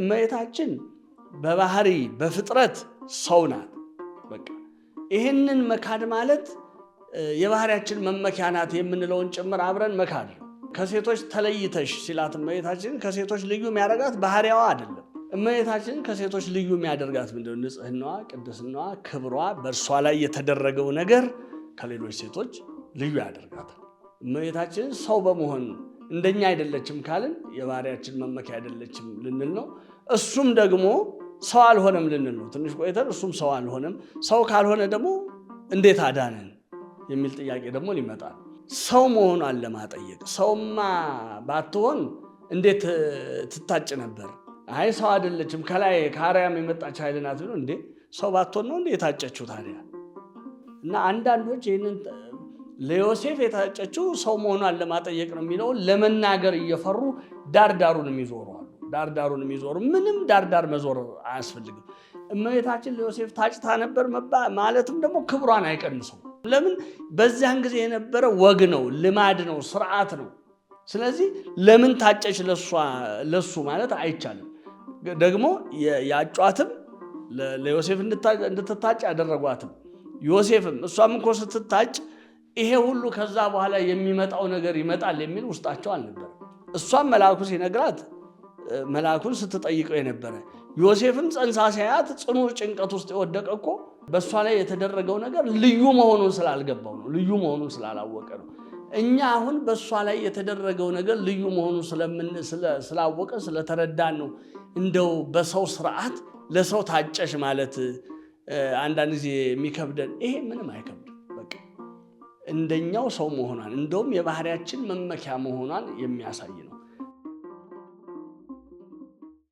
እመቤታችን በባህሪ በፍጥረት ሰው ናት። በቃ ይህንን መካድ ማለት የባህሪያችን መመኪያ ናት የምንለውን ጭምር አብረን መካድ ነው። ከሴቶች ተለይተሽ ሲላት እመቤታችን ከሴቶች ልዩ የሚያደርጋት ባህሪያዋ አይደለም። እመቤታችን ከሴቶች ልዩ የሚያደርጋት ምንድነው? ንጽህናዋ፣ ቅድስናዋ፣ ክብሯ በእርሷ ላይ የተደረገው ነገር ከሌሎች ሴቶች ልዩ ያደርጋታል። እመቤታችን ሰው በመሆን እንደኛ አይደለችም ካልን የባህሪያችን መመኪያ አይደለችም ልንል ነው። እሱም ደግሞ ሰው አልሆነም ልንል ነው። ትንሽ ቆይተን እሱም ሰው አልሆነም፣ ሰው ካልሆነ ደግሞ እንዴት አዳንን የሚል ጥያቄ ደግሞ ሊመጣል። ሰው መሆኗን ለማጠየቅ ሰውማ ባትሆን እንዴት ትታጭ ነበር? አይ ሰው አይደለችም ከላይ ከአርያም የመጣች ኃይል ናት ብሎ እንዴ ሰው ባትሆን ነው እንዴ የታጨችው ታዲያ? እና አንዳንዶች ይህንን ለዮሴፍ የታጨችው ሰው መሆኗን ለማጠየቅ ነው የሚለውን ለመናገር እየፈሩ ዳርዳሩን የሚዞረዋል። ዳርዳሩን የሚዞሩ ምንም ዳርዳር መዞር አያስፈልግም። እመቤታችን ለዮሴፍ ታጭታ ነበር ማለትም ደግሞ ክብሯን አይቀንሰው። ለምን በዚያን ጊዜ የነበረ ወግ ነው፣ ልማድ ነው፣ ስርዓት ነው። ስለዚህ ለምን ታጨች ለሱ ማለት አይቻልም። ደግሞ ያጯትም ለዮሴፍ እንድትታጭ ያደረጓትም ዮሴፍም እሷም እኮ ስትታጭ ይሄ ሁሉ ከዛ በኋላ የሚመጣው ነገር ይመጣል የሚል ውስጣቸው አልነበረም። እሷም መልአኩ ሲነግራት መልአኩን ስትጠይቀው የነበረ ዮሴፍም ፀንሳ ሲያያት ጽኑ ጭንቀት ውስጥ የወደቀ እኮ በእሷ ላይ የተደረገው ነገር ልዩ መሆኑን ስላልገባው ነው። ልዩ መሆኑን ስላላወቀ ነው። እኛ አሁን በእሷ ላይ የተደረገው ነገር ልዩ መሆኑን ስላወቀ ስለተረዳን ነው። እንደው በሰው ስርዓት ለሰው ታጨሽ ማለት አንዳንድ ጊዜ የሚከብደን ይሄ ምንም አይከብድም። በቃ እንደኛው ሰው መሆኗን እንደውም የባህሪያችን መመኪያ መሆኗን የሚያሳይ ነው።